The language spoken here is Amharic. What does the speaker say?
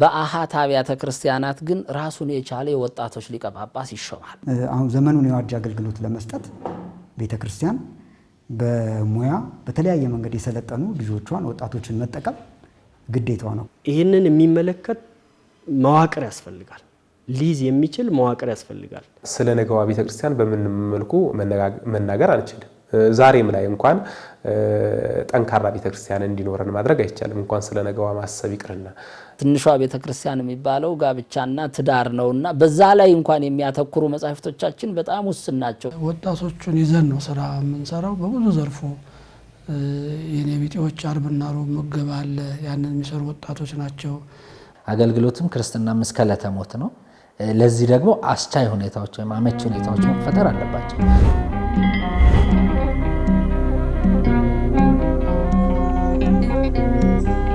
በአሃት አብያተ ክርስቲያናት ግን ራሱን የቻለ የወጣቶች ሊቀ ጳጳስ ይሾማል። አሁን ዘመኑን የዋጅ አገልግሎት ለመስጠት ቤተ ክርስቲያን በሙያ በተለያየ መንገድ የሰለጠኑ ልጆቿን ወጣቶችን መጠቀም ግዴታዋ ነው። ይህንን የሚመለከት መዋቅር ያስፈልጋል። ሊዝ የሚችል መዋቅር ያስፈልጋል። ስለ ነገዋ ቤተክርስቲያን በምን መልኩ መናገር አንችልም። ዛሬም ላይ እንኳን ጠንካራ ቤተክርስቲያን እንዲኖረን ማድረግ አይቻልም፣ እንኳን ስለ ነገዋ ማሰብ ይቅርና። ትንሿ ቤተክርስቲያን የሚባለው ጋብቻና ትዳር ነውና በዛ ላይ እንኳን የሚያተኩሩ መጽሐፍቶቻችን በጣም ውስን ናቸው። ወጣቶቹን ይዘን ነው ስራ የምንሰራው በብዙ ዘርፎ የኔ ቢጤዎች አርብና ሮብ ምገባ አለ። ያንን የሚሰሩ ወጣቶች ናቸው። አገልግሎትም ክርስትናም እስከ ዕለተ ሞት ነው። ለዚህ ደግሞ አስቻይ ሁኔታዎች ወይም አመች ሁኔታዎች መፈጠር አለባቸው። you.